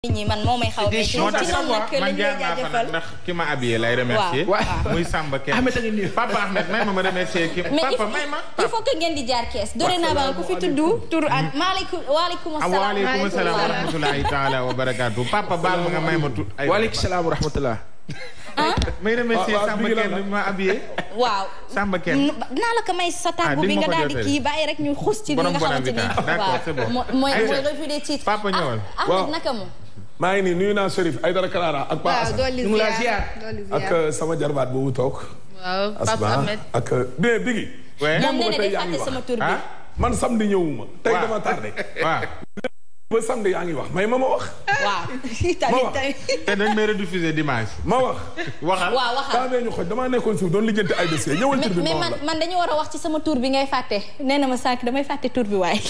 nit ñi man moo may xaw a. ci noonu nag man jaar naa ma habillé lay remercier. muy Samba Kees. a ngi papa Ahmed may ma ki papa may ma. il faut que ku fi tudd tur ak. maaleykum waaleykum salaam waaleykum salaam wa rahmatulahi taala wa nga may ma tudd. ay waaleykum salaam wa rahmatulah. ah may remercier bi ma ko may sa tàggu ah, bi nga daal di kii rek ñu xuus ci nga xamante ni. borom borom bi taa d'accord c'est bon. mooy mooy revue des titres. papa ah, ñëwal waaw Ahmed naka mu. maa ngi nii nuyu naa Chérif Aïdara Karara ak Pa Assane waaw ñu ngi laa ziar ak uh, sama jarbaat boobu toog. waaw Papa Ahmed ak uh, dé bigi. moom moo ah? man samedi ñëwuma. waaw tey dama tardé. waaw. ba samedi yaa ngi wax may ma ma wax. waaw tamit tamit. te mee may rediffuser dimanche. ma wax. waxal waaw waxal daa mee ñu xoj damaa nekkoon suuf doon lijjanti ay dossier ñëwal tur bi mais man man dañu war a wax ci sama tur bi ngay fàtte nee na ma sànq damay fàtte tur bi waaye.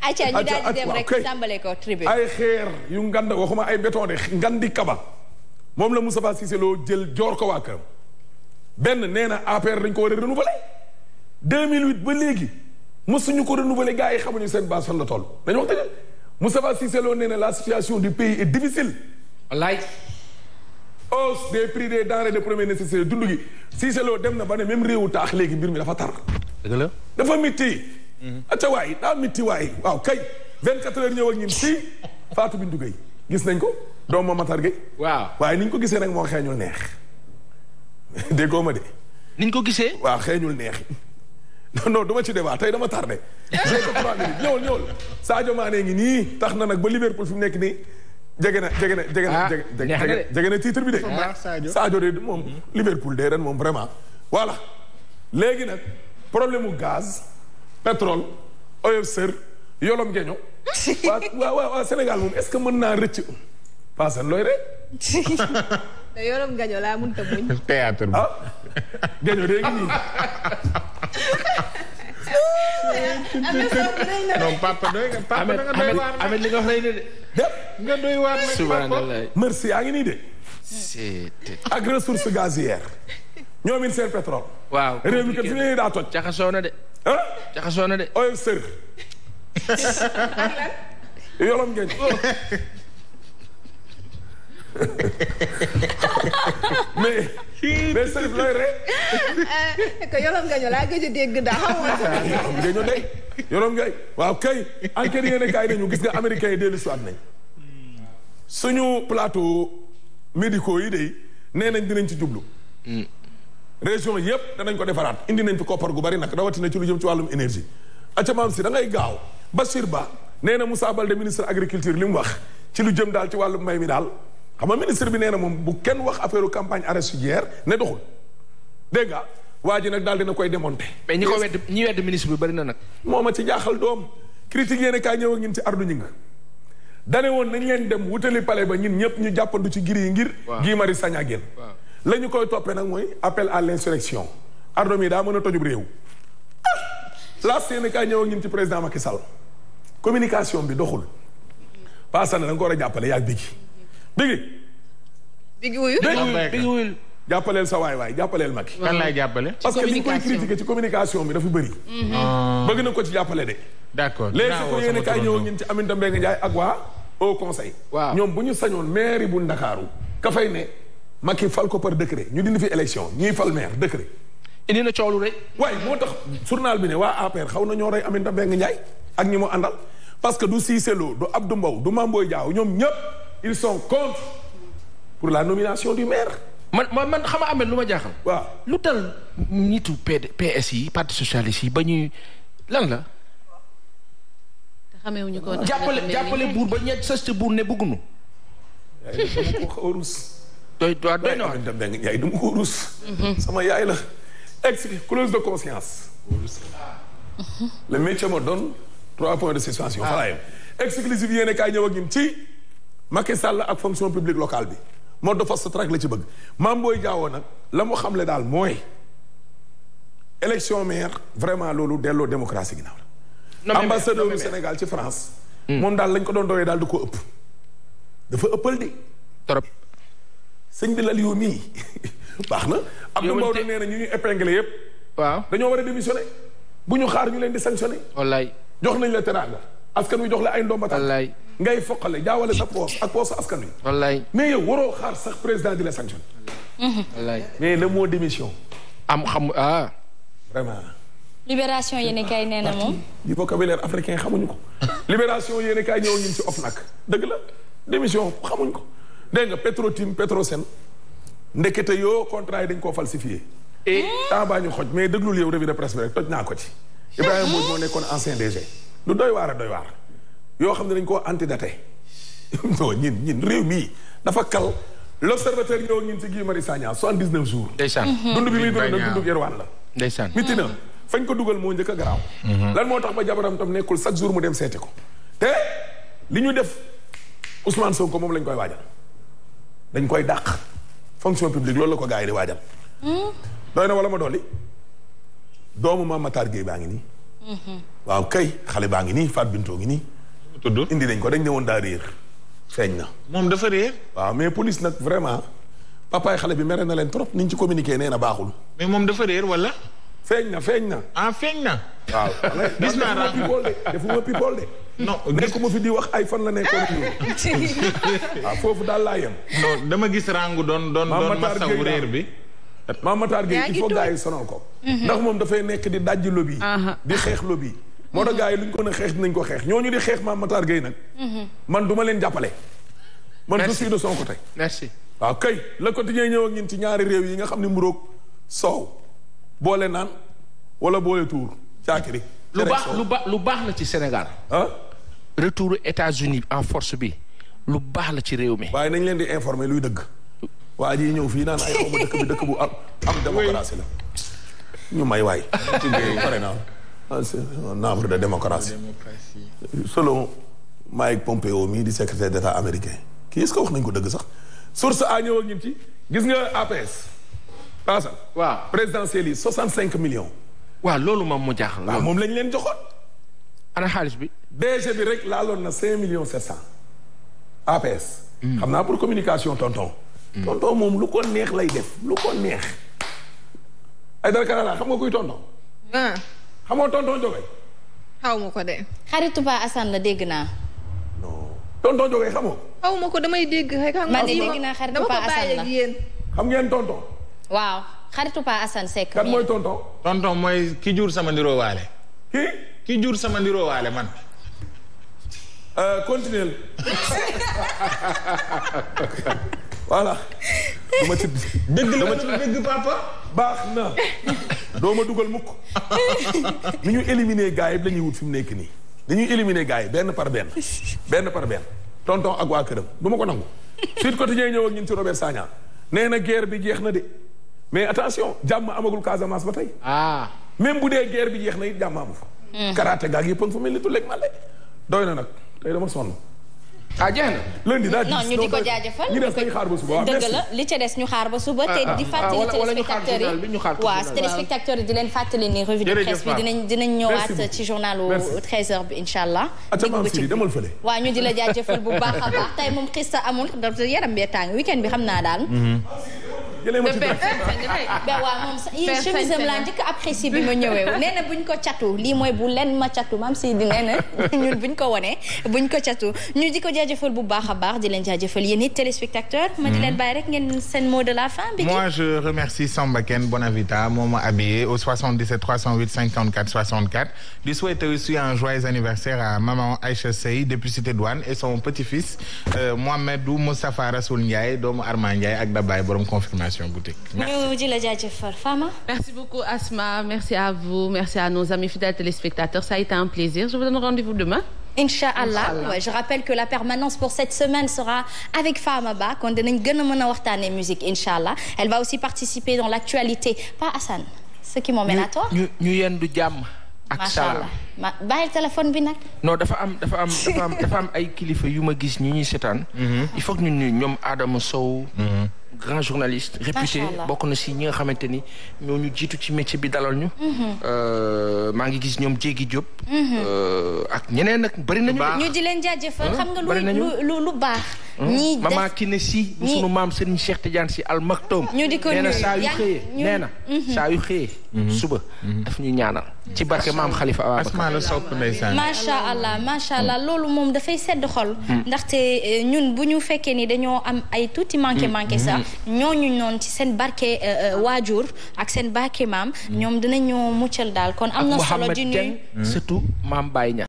acca ñu daal di ay xeer yu ngand waxuma ay béton de ngandi kaba moom la Moustapha Cissé Lo jël joor ko waa kër benn nee na APR dañ ko war a renouveler 2008 ba léegi mësuñu ko renouveler gars yi xamuñu seen base fan la toll dañu wax dëgg Moustapha Cissé Lo nee na la situation du pays est difficile wallaay hausse des prix des denrées de première nécessité dund gi Cissé dem na ba ne même réewu taax léegi mbir mi dafa tar dafa métti Mm-hmm. acca waay daa mitti waay waaw kay vingt quatre heures ñëw si Fatou Bintou Gueye gis nañ ko doom ma Matar Gueye waaw waaye ni ñu ko gisee nag moo xeeñul neex déggoo ma de niñ ko gisee waaw xeeñul neex non non du ma ci débat tey dama tardé j'ai que trois minutes ñëwal ñëwal Sadio Mané ngi nii tax na nag ba Liverpool fi mu nekk nii jege na jege na jege na ah, jege na titre bi de Sadio de moom Liverpool de ren moom vraiment voilà léegi nag problème mu gaz pétrole oyo sër yolom geño waa waa waa Sénégal moom est-ce que mën naa rëcc paasan looy rek te yolom geño laa mënta muñ théâtre bi ah, geño doy nga papa da nga doy waar nga wax de nga doy waar nag ngi nii de ak ressource gazière ñoom it seen pétrole waaw réew daa toj jaxasoo de ah. jaxasoo na de. oyof sër. yolom ngeen. mais sër looy rek. Eh, yolom ngeen laa gëj a dégg daa yolom ngeen waaw kay enquête yi ne kaay nañu gis nga américain yi dellu si waat nañ suñu plateau médicaux yi de nee nañ dinañ ci jublu. Hmm. région yëpp danañ ko defaraat indi nañ fi koppar gu bari nag rawatina ci lu jëm ci wàllum énergie aca maam si da ngay gaaw Bachir Ba nee na Moussa Baldé ministre agriculture li mu wax ci lu jëm daal ci wàllum mbay mi daal xam ma ministre bi nee na moom bu kenn wax affaire campagne arachidière ne doxul dégg nga waa ji nag daal dina koy démonté mais ñi ko wedd ñi wedd ministre bi bari na nag moo a ci jaaxal doom critique yéen kaa ñëw ak ñun ci ardu ñi nga dane woon nañ leen dem wutali palais ba ñun ñëpp ñu jàppandu ci giri yi ngir Guy Marius Sagna génn la ñu koy toppee nag mooy appel à l'insurrection ardo mi daa mën a tojub réew la Sénégal ñëw ngeen ci président Macky Sall communication bi doxul paasan da nga ko war a jàppale yaa bigi bigi bigi wuyu bigi wuyu jàppaleel sa waay waay jàppaleel Macky kan laay jàppale parce que li ñu koy critiquer ci communication bi dafa bëri mm-hmm. bëgg na ko ci jàppale de d'accord léegi ko yéen kaay ñëw ngeen ci Aminata Mbengue Ndiaye ak waa au conseil ñoom bu ñu sañoon mairie bu Ndakaaru ka fay ne Macky fal ko par décret ñu dindi fi élection ñuy fal maire décret. indi na coow lu rëy. waaye moo tax journal bi ne waa APR xaw na ñoo rey Aminata Mbengue Ndiaye ak ñi mu àndal parce que du Cissé Lo du Abdou du Mame Boye ñoom ñëpp ils sont pour la nomination du maire. man man xam nga amee lu ma jaaxal. waaw lu tal nitu PS yi parti socialiste yi ba ñuy lan la. xamewuñu ko jàppale jàppale buur ba ñett sës buur ne bëgguñu. doy doy doy na waat waaye yaay du ma ko ruus. Mhm. sama yaay la. ex clause de conscience. le métier me donne trois points de suspension. waaw voilà yéen exclusive yéen a kaay ñëw ak ñun ci. Macky Sall ak fonction publique locale bi. moo de fast track la ci bëgg. maam booy jaawoo nag la mu xamle daal mooy. élection maire vraiment loolu delloo démocratie ginnaaw la. ambassadeur du Sénégal ci France. Mm. moom daal lañ ko doon doyee daal du ko ëpp. dafa ëppal di sëñ bi lal yow mii baax na. Abdou Mbow nee na ñu ñu épinglé yëpp. waaw dañoo war a démissionné bu ñu xaar ñu leen di sanctionné. wallaay jox nañ la teraanga askan wi jox la ay ndomba. wallaay ngay foqale jaawale sa poos ak poos askan wi. wallaay mais yow waroo xaar sax président di la sanctionné. wallaay mais le mot démission. am xam ah. vraiment. libération yéen kay nee na moom. di vocabulaire africain xamuñu ko. libération yéen kay ñëw ñun ci OFNAC la démission xamuñ ko. dégg nga Petrotim Petrosen ndekete yoo contrat yi dañ koo falsifié. et eh? temps baa ñu xoj mais déglul yow revue de presse bi rek toj naa ko ci. Ibrahima Mbodj moo nekkoon ancien DG. lu doy waar a doy waar yoo xam ne dañ koo antidaté non ñin ñin réew mii dafa kal l'observateur ñëw ñin ci Guy Marius Sagna 79 jours. ndeysaan mm-hmm. dund bi muy dund nag dund yerwaan la. ndeysaan miti fañ ko dugal moo njëkk a garaaw. Mm-hmm. lan moo tax ba jabaram tam nekkul chaque jour mu dem seeti ko. te li ñu def Ousmane ko moom lañ koy waajal. dañ koy dàq fonction publique loolu la ko gaa yi di waajal. Hmm? doy na wala ma dolli doomu Mame Matar Gueye baa ngi nii. Hmm. waaw kay xale baa ngi nii Fatou Bintou ngi nii. tudd indi nañ ko dañ ne woon daa réer. feeñ na moom dafa réer. waaw mais police nag vraiment papaay xale bi mere na leen trop niñ ci communiqué nee na baaxul. mais moom dafa réer wala. feeñ na feeñ na. ah feeñ na. waaw gis naa dafa ma people de dafa ma people de. non nekkuma fi di wax ay fan la nekkoon waaw ah, foofu daal laa yem. non dama gis ràngu doon doon doon masawu réer bi. Mame Matar Gueye il faut yi sonal ko. Mhm. ndax moom dafay nekk di dajji lobby. di xeex lobby. moo tax gaa yi luñ ko ne xeex ko xeex ñooñu di xeex Mame Matar Gueye nag. Mhm. man duma leen jàppale. man je suis de son côté. merci waaw ah, kay le quotidien ñëw ak ñun ci ñaari réew yi nga xam ne mburoog soow boole naan wala boole tuur caakiri lu baax lu baax lu baax la ci Sénégal. retour États-Unis en force bi lu baax la ci réew mi. waaye nañ leen di informer luy dëgg. waa ji ñëw fii naan ay xaw ma dëkk bi dëkk bu am am démocratie la. ñu may waay. tuddee pare naa ah, un arbre de démocratie. selon Mike Pompeo mii di secrétaire d' état américain. kii est ce que wax nañ ko dëgg sax. source à ñëw ak ci. gis nga APS. paasa. waaw présidentielle yi soixante cinq millions. waaw loolu moom mu jaaxal. waaw ah, moom lañ leen joxoon. ana xaalis bi. rek laaloon na cinq millions sept hmm. naa pour communication tonton. Hmm. tonton lu ko lay def lu ko neex. ay ma ko de. xaritu dégg naa. non tonton Jogay xamoo. xaw ma ko damay dégg rek. ma naa xaritu xam ngeen tonton. waaw xaritu Ba Assane Seck. mooy tonton. tonton mooy ki jur sama ndiroo waale. ki. ki jur sama ndiroo waale man. Euh, continuez voilà. dama ci dégg la dëgg papa. baax na. doo ma dugal mukk ni ñu éliminer gaa yi la ñuy wut fi mu nekk nii. dañuy éliminer gars yi benn par benn. benn par benn. tonton ak waa këram du ma ko nangu. suite quotidien ñëw ak ñun ci Robert Sagna. nee na guerre bi jeex na de. mais attention jàmm amagul Casamance ba tey. ah bu dee guerre bi jeex na it jàmm amu fa. Hmm. karaate gaag yëpp a fa mel ni tulleeg màlle doy na nag. tey dama sonn. ah jeex na ko jaajëfal ñu des xaar ba suba dëgg li ca des ñu xaar ba suba ah, te di ah, ah, fàttali téléspectateurs yi waaw téléspectateurs yi di leen fàttali ni revue de presse bi dinañ dinañ ñëwaat ci journalu 13h bi incha allah dégg demal fële waaw ñu di la jaajëfal bu baax a baax tey moom xista amul da yaram bee tàng weekend bi xam naa daal mhm. jëlee ma ci moom sax yéen chemise laa njëkk apprécié bi ma ñëwee nee na buñ ko catu lii mooy bu len ma catu maam si di nee na ñun buñ ko wanee buñ ko catu ñu di ko jaajëfal bu baax a baax di leen jaajëfal yéen it téléspectateur ma di hmm. leen bàyyi rek ngeen seen mot de la fin bi moi je remercie Samba Ken Bonavita moo ma habillé au 77 308 aussi un joyeux anniversaire à maman Aïcha Sey depuis Cité Douane et son petit-fils euh, Mohamedou Moustapha Rasoul doomu Arma ak Dabaye borom confirmation Communication boutique. ñu di la jaajëfal Fama. merci beaucoup Asma merci à vous merci à nos amis fidèles téléspectateurs ça a été un plaisir je vous donne rendez-vous demain. incha allah ouais, je rappelle que la permanence pour cette semaine sera avec Fama Ba kon dinañ gën a mën a waxtaanee musique incha allah elle va aussi participer dans l'actualité pas Assane. ce qui m'emmène à toi ñu ñu yendu jàmm. ak salaam ma bàyyi téléphone bi nag. non dafa am dafa am dafa am dafa am ay kilifa yu ma gis ñi ñuy seetaan. Mhm. il faut que ñu nuyu ñoom Adama Sow. Mhm. grand journaliste réputé bokk na si ñi nga xamante ni ñoo ñu jiitu ci métier bi dalal ñu mhm. euh, ngi gis ñoom Jéegi Diop mhm. euh, ak ñeneen nag bëri nañu ñu di leen jaajëfal xam nga lu lu lu baax Hmm? ñii def maman si. bu sunu maam Serigne Cheikh Tidiane si al ñu di ko nee na mhm. saa yu xëyee nee na. saa yu suba mhm. daf ñu ñaanal. ci barke maam xalifa Ababacar. asmaa la sopp ndeysaan. macha allah macha allah loolu moom dafay sedd xol. Hmm. ndaxte eh, ñun bu ñu fekkee ni dañoo am ay tuuti manqué hmm. manqué sax. ñooñu noonu ci seen barke eh, eh, waajur ak seen barke maam. ñoom dinañoo muccal daal kon am na solo di nuyu surtout maam Baye Niang.